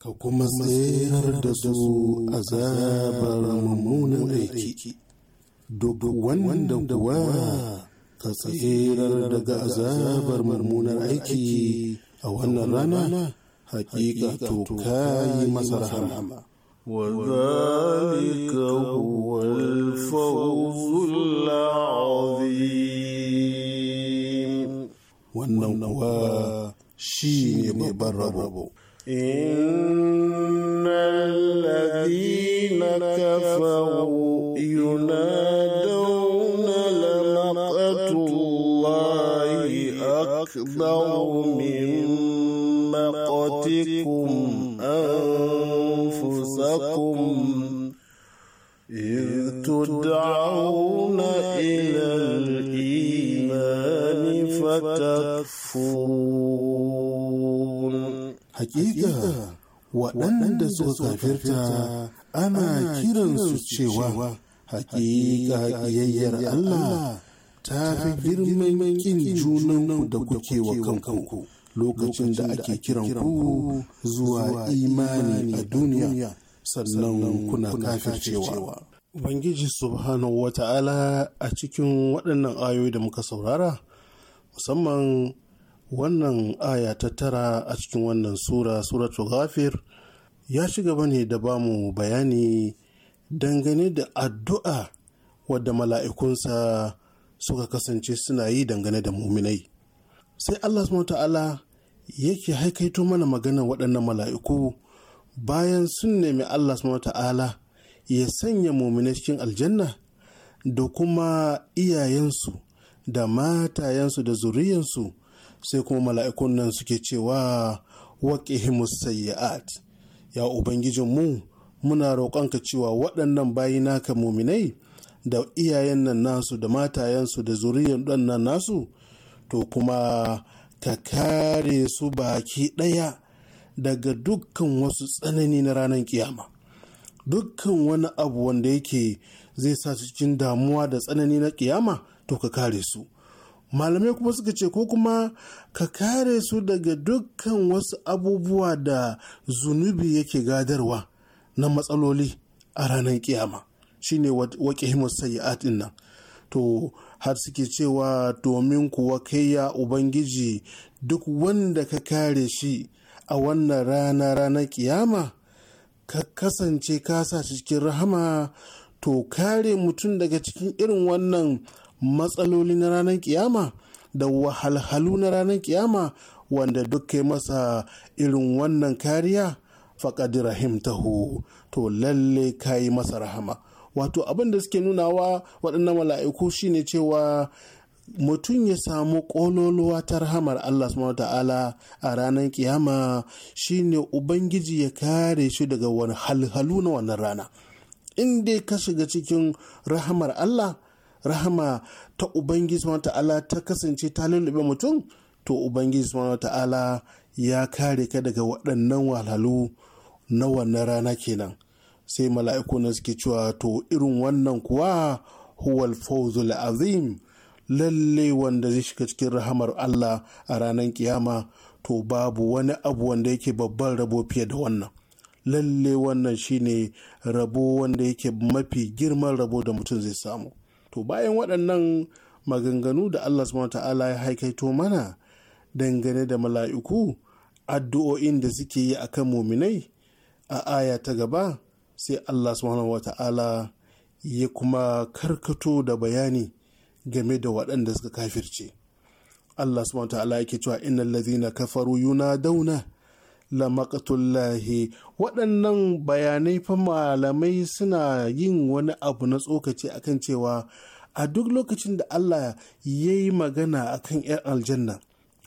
ka kuma tsayar da su zabar mummunan aiki duk wanda kuwa ka tsayar daga azabar mummunan aiki a wannan rana hakika to kayi masa rahama وذلك هو الفوز العظيم والنوى شين مبرر إن الذين كفروا ينادون لمقت الله أكبر من تُمَتِّعْكُمْ أَنفُسَكُمْ إِذْ تُدْعَوْنَ إِلَى الْإِيمَانِ فَتَكْفُرُونَ حقيقة waɗanda suka kafirta ana kiransu cewa hakika ƙiyayyar Allah ta fi girman kin junan da kuke wa kanku. lokacin da ake kiran ku zuwa imani a duniya sannan kuna kafircewa. Ubangiji Subhanahu wa ta'ala a cikin waɗannan ayoyi da muka saurara, musamman wannan aya ta tara a cikin wannan sura, suratul ghafir ya ci gaba ne da bamu bayani dangane da addu'a wadda mala'ikunsa suka kasance suna yi dangane da muminai. Sai Allah ta'ala yake haikaito mana maganar waɗannan mala'iku bayan sun nemi Allah ta'ala ya sanya mumina cikin aljanna da kuma iyayensu da matayensu da zuriyansu sai kuma mala'ikun nan suke cewa waƙihimus sayyi'at ya ubangijinmu muna roƙonka cewa waɗannan bayi naka muminai da iyayen nan nasu da matayensu da zuriyan ɗan nan nasu to kuma ka kare su baki ɗaya daga dukkan wasu tsanani na ranar kiyama dukkan wani abu wanda yake zai sa su cikin damuwa da tsanani na kiyama to ka kare su malamai kuma suka ce ko kuma ka kare su daga dukkan wasu abubuwa da zunubi yake gadarwa na matsaloli a ranar kiyama shine waƙe himus sayi'at nan to har suke cewa domin kuwa kai ya ubangiji duk wanda ka kare shi a wannan rana ranar kiyama ka kasance ka sa cikin rahama to kare mutum daga cikin irin wannan matsaloli na ranar kiyama da wahalhalu na ranar kiyama wanda duk kai masa irin wannan kariya faƙad rahimtahu to lalle ka yi masa rahama wato abin da suke nunawa waɗannan mala'iku shine cewa mutum ya samu ƙololuwa ta rahamar Allah subhanahu ta'ala a ranar kiyama shine ubangiji ya kare shi daga wani halhalu na wannan rana in dai ka shiga cikin rahamar Allah rahama ta ubangiji subhanahu ta'ala ta kasance ta lullube mutum to ubangiji subhanahu ta'ala ya kare ka daga waɗannan wahalhalu na wannan rana kenan sai mala'iku na suke cewa to irin wannan kuwa huwal fawzul azim lalle wanda zai shiga cikin rahamar Allah a ranar kiyama to babu wani abu wanda yake babban rabo fiye da wannan lalle wannan shine rabo wanda yake mafi girman rabo da mutum zai samu to bayan waɗannan maganganu da Allah subhanahu ta'ala ya haikaito mana dangane da mala'iku addu'o'in da suke yi a kan muminai a aya ta gaba sai Allah subhanahu wata'ala ya kuma karkato da bayani game da waɗanda suka kafirce Allah subhanahu wata'ala yake cewa innal ladhina kafaru yunadawna la maqtullahi waɗannan bayanai fa malamai suna yin wani abu na tsokaci akan cewa a duk lokacin da Allah ya yi magana akan 'yan aljanna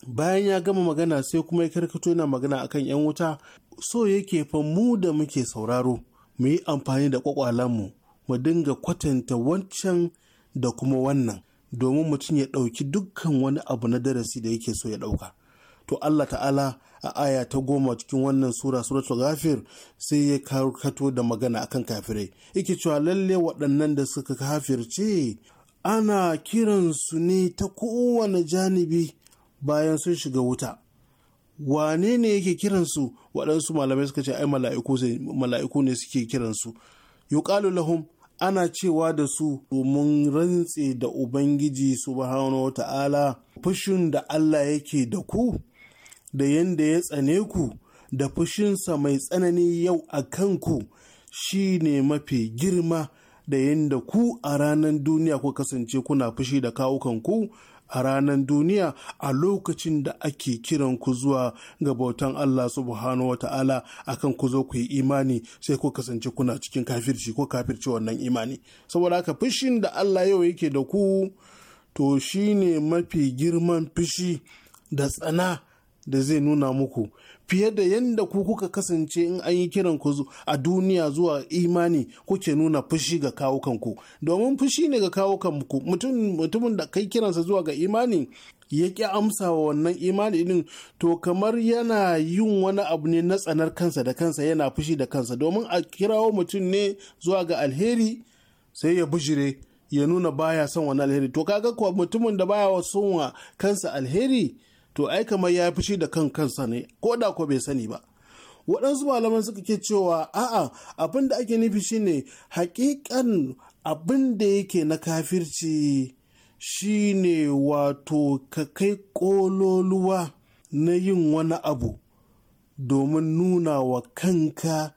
bayan ya gama magana sai kuma ya karkato yana magana akan 'yan wuta so yake fa mu da muke sauraro mu yi amfani da kwakwalanmu mu dinga kwatanta wancan da kuma wannan domin mutum ya ɗauki dukkan wani abu na darasi da yake so ya ɗauka to Allah ta'ala a aya ta goma cikin wannan sura suratul ghafir sai ya karkato da magana akan kafirai yake cewa lalle waɗannan da suka kafirce ana kiransu ne ta kowane janibi bayan sun shiga wuta wane ne yake kiransu waɗansu malamai suka ce ai mala'iku ne suke kiransu yuqalu lahum ana cewa da su domin rantse da ubangiji subhanahu ta'ala fushin da allah yake da ku da yadda ya tsane ku da fushinsa mai tsanani yau a kanku shi ne mafi girma da yadda ku a ranar duniya ku kasance kuna fushi da kawukanku a ranar duniya a lokacin da ake kiran ku zuwa ga bautan Allah subhanahu wa ta'ala akan ku zo ku yi imani sai ku kasance kuna cikin kafirci ko kafirci wannan imani saboda haka fushin da Allah yau yake da ku to shine mafi girman fushi da tsana da zai nuna muku fiye da yadda ku kuka kasance in an yi kiran ku a duniya zuwa imani kuke nuna fushi ga kawukanku domin fushi ne ga kawukanku mutumin da kai kiransa zuwa ga imani ya ƙi amsa wa wannan imani din to kamar yana yin wani abu ne na tsanar kansa da kansa yana fushi da kansa domin a kirawo mutum ne zuwa ga alheri sai ya bujire ya nuna baya son wani alheri to kaga kuwa mutumin da baya son wa kansa alheri to ai kamar ya fushi da kan kansa ne ko da ko bai sani ba waɗansu malaman suka ke cewa a'a abin da ake nufi shi ne. Haƙiƙan abin da yake na kafirci ne wato ka kai ƙololuwa na yin wani abu domin nuna wa kanka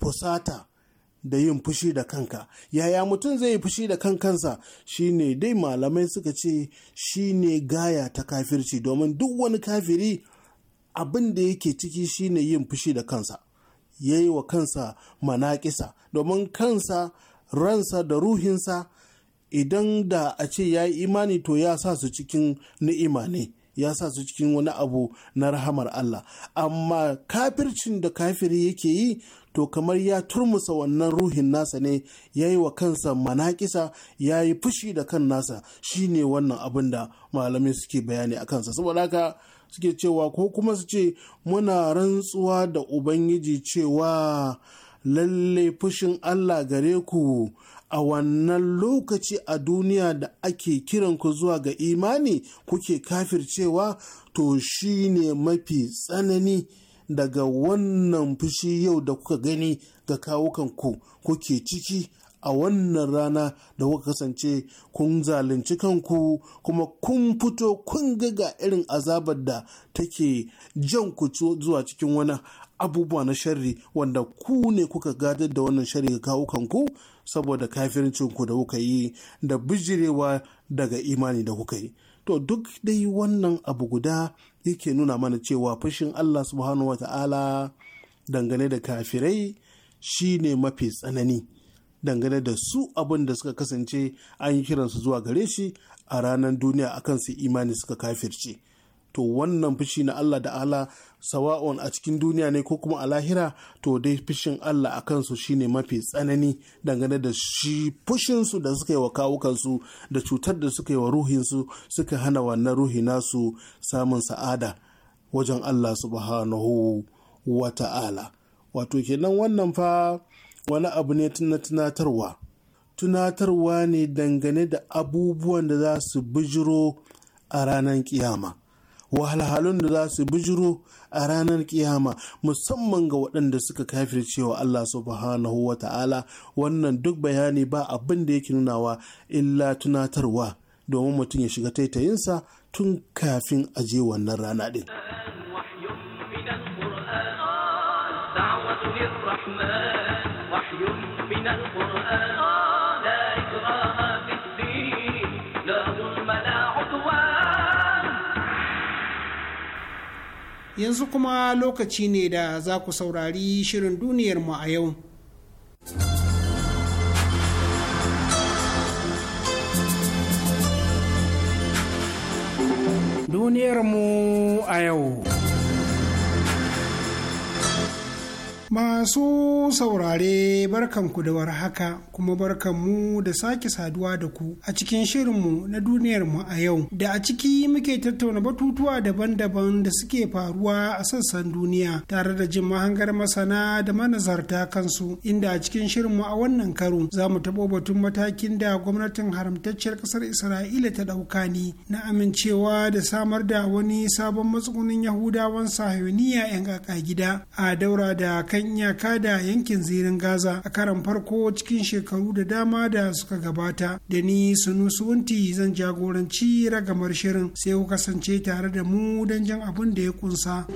fusata da yin fushi da kanka yaya mutum zai yi fushi da kankansa, shine dai malamai suka ce shine gaya ta kafirci domin duk wani kafiri abin da yake ciki shine yin fushi da kansa ya yi wa kansa manaƙisa domin kansa ransa da ruhinsa idan da a ce ya yi imani to ya sa su cikin ni'ima ne ya sa su cikin wani abu na rahamar Allah amma kafircin da kafiri yake yi to kamar ya turmusa wannan ruhin nasa ne ya yi wa kansa manakisa ya yi fushi da kan nasa shine wannan abin da malamai suke bayani a kansa saboda haka suke cewa ko kuma su ce muna rantsuwa da ubangiji cewa lalle fushin allah gare ku a wannan lokaci a duniya da ake kiran ku zuwa ga imani kuke kafircewa to shine mafi tsanani daga wannan fushi yau da kuka gani ga kawukanku kuke ciki a wannan rana da kuka kasance kun zalunci kanku kuma kun fito kun ga irin azabar da take jan ku zuwa cikin wani abubuwa na sharri wanda ku ne kuka gadar da wannan sharri ga kawo kanku saboda kafircinku da kuka yi da bijirewa daga imani da kuka yi to duk dai wannan abu guda yake nuna mana cewa fushin Allah subhanahu wata'ala dangane da kafirai shine mafi tsanani dangane da su abin da suka kasance an yi kiransu zuwa gare shi a ranar duniya akan su imani suka kafirce to wannan fushi na Allah da Allah sawa'on a cikin duniya ne ko kuma a lahira to dai fushin Allah a kansu shine mafi tsanani dangane da shi fushinsu da suka yi wa kawukansu da cutar da suka yi wa ruhinsu suka hana wannan ruhi nasu samun sa'ada wajen Allah subhanahu wa ta'ala wato kenan wannan fa wani abu ne na tunatarwa tunatarwa ne dangane da abubuwan da za su bijiro a ranar kiyama wahalhalun da za su bijiro a ranar kiyama musamman ga waɗanda suka cewa Allah subhanahu wa ta'ala wannan duk bayani ba abin da yake nunawa illa tunatarwa domin mutum ya shiga taitayinsa tun kafin aje wannan rana ɗin. yanzu kuma lokaci ne da za ku saurari shirin duniyarmu a yau. Duniyarmu a yau. Masu saurare barkanku da warhaka kuma barkanmu da sake saduwa da ku a cikin shirinmu na duniyarmu a yau da a ciki muke tattauna batutuwa daban-daban da suke faruwa a sassan duniya tare da jin mahangar masana da manazarta kansu inda a cikin shirinmu a wannan karo za mu taɓo batun matakin da gwamnatin haramtacciyar ƙasar Isra'ila ta ɗauka ne na amincewa da samar da wani sabon matsugunin Yahudawan sahiyoniya 'yan gida a daura da kan iyaka da yankin zirin gaza a karan farko cikin shekaru da dama da suka gabata da ni sunusunti zan jagoranci ragamar shirin sai ku kasance tare da mu don jan abin da ya kunsa.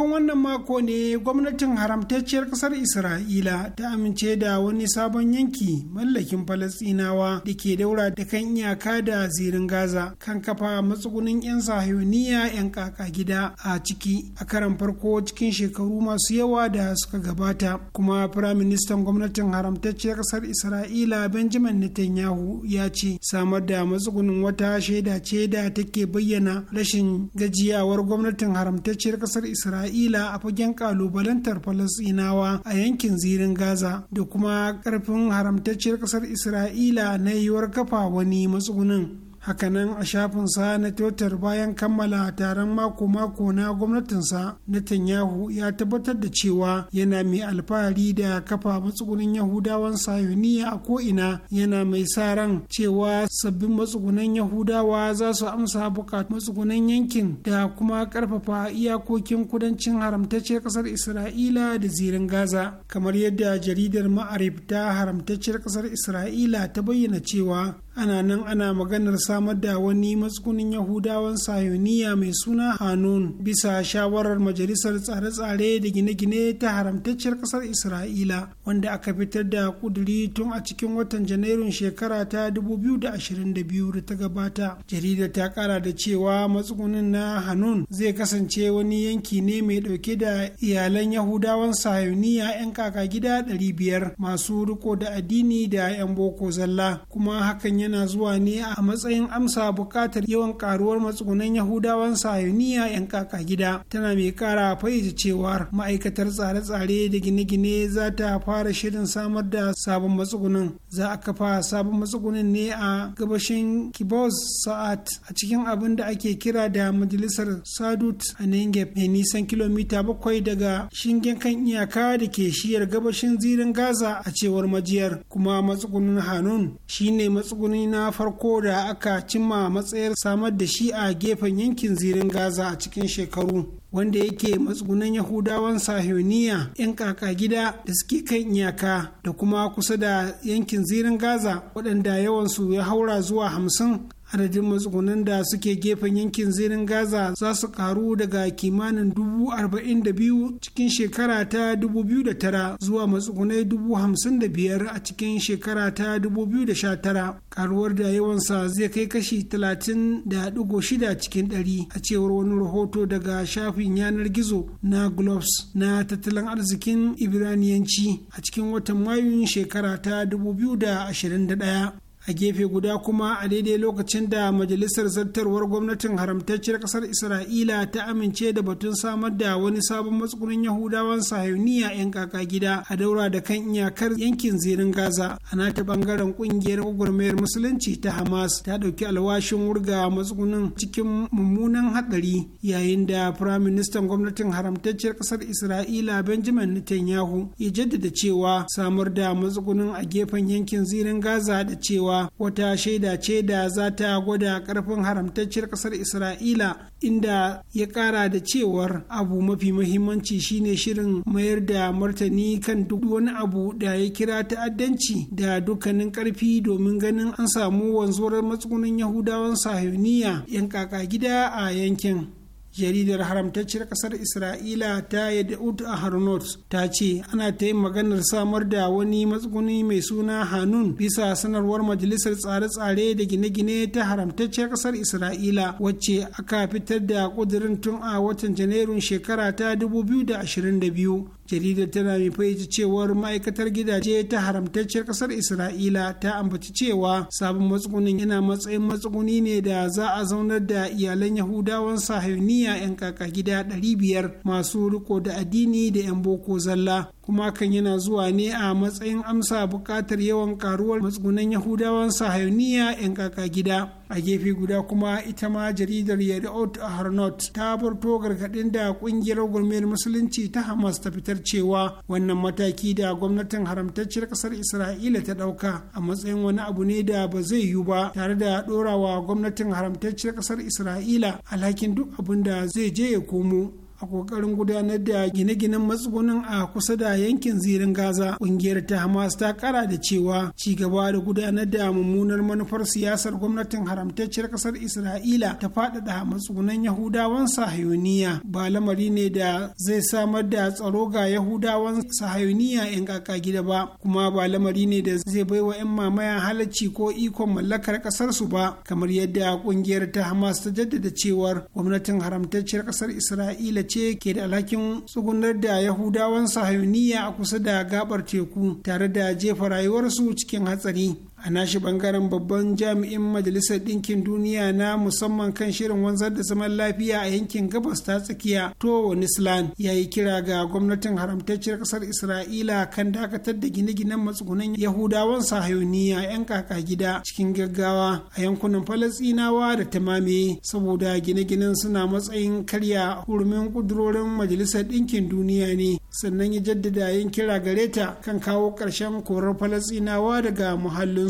farkon wannan mako ne gwamnatin haramtacciyar kasar isra'ila ta amince da wani sabon yanki mallakin falasinawa da ke daura da kan iyaka da zirin gaza kan kafa matsugunin 'yan sahiyoniya 'yan kaka gida a ciki a karan farko cikin shekaru masu yawa da suka gabata kuma firaministan gwamnatin haramtacciyar kasar isra'ila benjamin netanyahu ya ce samar da matsugunin wata shaida ce da take bayyana rashin gajiyawar gwamnatin haramtacciyar kasar isra'ila isra'ila a fagen kalubalantar falasinawa a yankin zirin gaza da kuma karfin haramtacciyar kasar isra'ila na yiwuwar kafa wani matsugunin hakanan a shafin sa na twitter bayan kammala taron mako-mako na gwamnatinsa netanyahu ya tabbatar da cewa yana mai alfahari da kafa matsugunin yahudawan sayuniya a ko'ina yana mai sa ran cewa sabbin matsugunan yahudawa za su amsa bukatun matsugunan yankin da kuma karfafa iyakokin kudancin haramtacciyar kasar isra'ila da zirin gaza kamar yadda jaridar ma'arif ta haramtacciyar kasar isra'ila ta bayyana cewa ana nan ana maganar samar da wani matsugunin yahudawan sayoniya mai suna hanun bisa shawarar majalisar tsare-tsare da gine-gine ta haramtacciyar kasar isra'ila wanda aka fitar da kuduri tun a cikin watan janairun shekara ta 2022 da ta gabata jarida ta kara da cewa matsugunin na hanun zai kasance wani yanki ne mai dauke da iyalan yahudawan sayoniya 'yan kaka gida 500 masu riko da addini da 'yan boko zalla kuma hakan yana zuwa ne a matsayin amsa buƙatar yawan karuwar matsugunan yahudawan sayoniya 'yan kaka gida tana mai kara fayyace cewa ma'aikatar tsare-tsare da gine-gine za ta fara shirin samar da sabon matsugunan za a kafa sabon matsugunan ne a gabashin kibos sa'at a cikin abin da ake kira da majalisar sadut a nengeb mai nisan kilomita bakwai daga shingen kan iyaka da ke shiyar gabashin zirin gaza a cewar majiyar kuma matsugunin hanun shine matsugunan. sani na farko da aka cimma matsayar samar da shi a gefen yankin zirin gaza a cikin shekaru wanda yake matsugunan yahudawan sahiyoniya 'yan kaka gida da suke kan iyaka da kuma kusa da yankin zirin gaza waɗanda yawansu ya haura zuwa hamsin adadin matsugunan da suke gefen yankin zirin gaza za su karu daga kimanin dubu arba'in da biyu cikin shekara ta dubu zuwa matsugunai dubu hamsin da biyar a cikin shekara ta dubu biyu da sha tara karuwar da yawansa zai kai kashi talatin da cikin ɗari a cewar wani rahoto daga shafin yanar gizo na globes na tattalin arzikin ibraniyanci a cikin watan mayun shekara ta dubu a gefe guda kuma a daidai lokacin da majalisar zartarwar gwamnatin haramtacciyar kasar isra'ila ta amince da batun samar da wani sabon matsugunin yahudawan sahiyoniya 'yan kaka gida a daura da kan iyakar yankin zirin gaza a nata bangaren kungiyar gwagwarmayar musulunci ta hamas ta dauki alwashin wurga matsugunin cikin mummunan hadari yayin da firaministan gwamnatin haramtacciyar kasar isra'ila benjamin netanyahu ya jaddada cewa samar da matsugunin a gefen yankin zirin gaza da cewa cewa wata shaida ce da za ta gwada karfin haramtacciyar ƙasar isra'ila inda ya ƙara da cewar abu mafi muhimmanci shine shirin mayar da martani kan duk wani abu da ya kira ta'addanci da dukkanin karfi domin ganin an samu wanzuwar matsugunin yahudawan sahiyoniya yan kaka gida a yankin jaridar haramtacciyar kasar isra'ila ta yadda a harnot ta ce ana ta yin maganar samar da wani matsuguni mai suna hannun bisa sanarwar majalisar tsare-tsare da gine-gine ta haramtacciyar kasar isra'ila wacce aka fitar da kudirin tun a watan janairun shekara ta 2022 jaridar tana mai fahimci cewar ma'aikatar gidaje ta haramtacciyar kasar isra'ila ta ambaci cewa sabon matsugunin yana matsayin matsuguni ne da za a zaunar da iyalan yahudawan sahiniya 'yan kaka gida 500 masu riko da addini da 'yan boko zalla kuma hakan yana zuwa ne a matsayin amsa buƙatar yawan karuwar matsugunan yahudawan sahayoniya 'yan kaka gida a gefe guda kuma ita ma jaridar yadot a harnot ta barto gargaɗin da ƙungiyar gwamnatin musulunci ta hamas ta fitar cewa wannan mataki da gwamnatin haramtacciyar ƙasar isra'ila ta ɗauka a matsayin wani abu ne da ba zai yiwu ba tare da ɗorawa gwamnatin haramtacciyar ƙasar isra'ila alhakin duk abin da zai je ya komo a kokarin gudanar da gine-ginen matsugunin a kusa da yankin zirin gaza ƙungiyar ta hamas ta kara da cewa ci gaba da gudanar da mummunar manufar siyasar gwamnatin haramtacciyar kasar isra'ila ta faɗaɗa matsugunan yahudawan sahayoniya ba lamari ne da zai samar da tsaro ga yahudawan sahayoniya in kaka gida ba kuma ba lamari ne da zai bai wa 'yan mamaya halacci ko ikon mallakar kasar su ba kamar yadda ƙungiyar ta hamas ta jaddada cewar gwamnatin haramtacciyar kasar isra'ila ce ke da alhakin tsugunar da yahudawan sahayuniya a kusa da gabar teku tare da jefa rayuwarsu cikin hatsari a nashi bangaren babban jami'in majalisar Dinkin duniya na musamman kan shirin wanzar da zaman lafiya a yankin gabas ta tsakiya to nisland ya yi kira ga gwamnatin haramtacciyar ƙasar isra'ila kan dakatar da gine-ginen matsugunan yahudawan sahayoniya 'yan kaka gida cikin gaggawa a yankunan falasinawa da tamame saboda gine-ginen suna matsayin karya hurumin ƙudurorin majalisar ɗinkin duniya ne sannan ya jaddada yin kira gare ta kan kawo ƙarshen korar falasinawa daga muhallin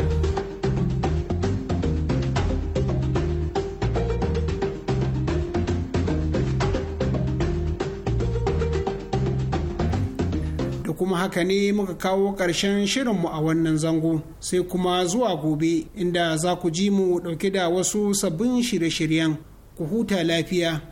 haka ne muka kawo ƙarshen shirinmu a wannan zango sai kuma zuwa gobe inda za ku ji mu ɗauke da wasu sabbin shirye-shiryen ku huta lafiya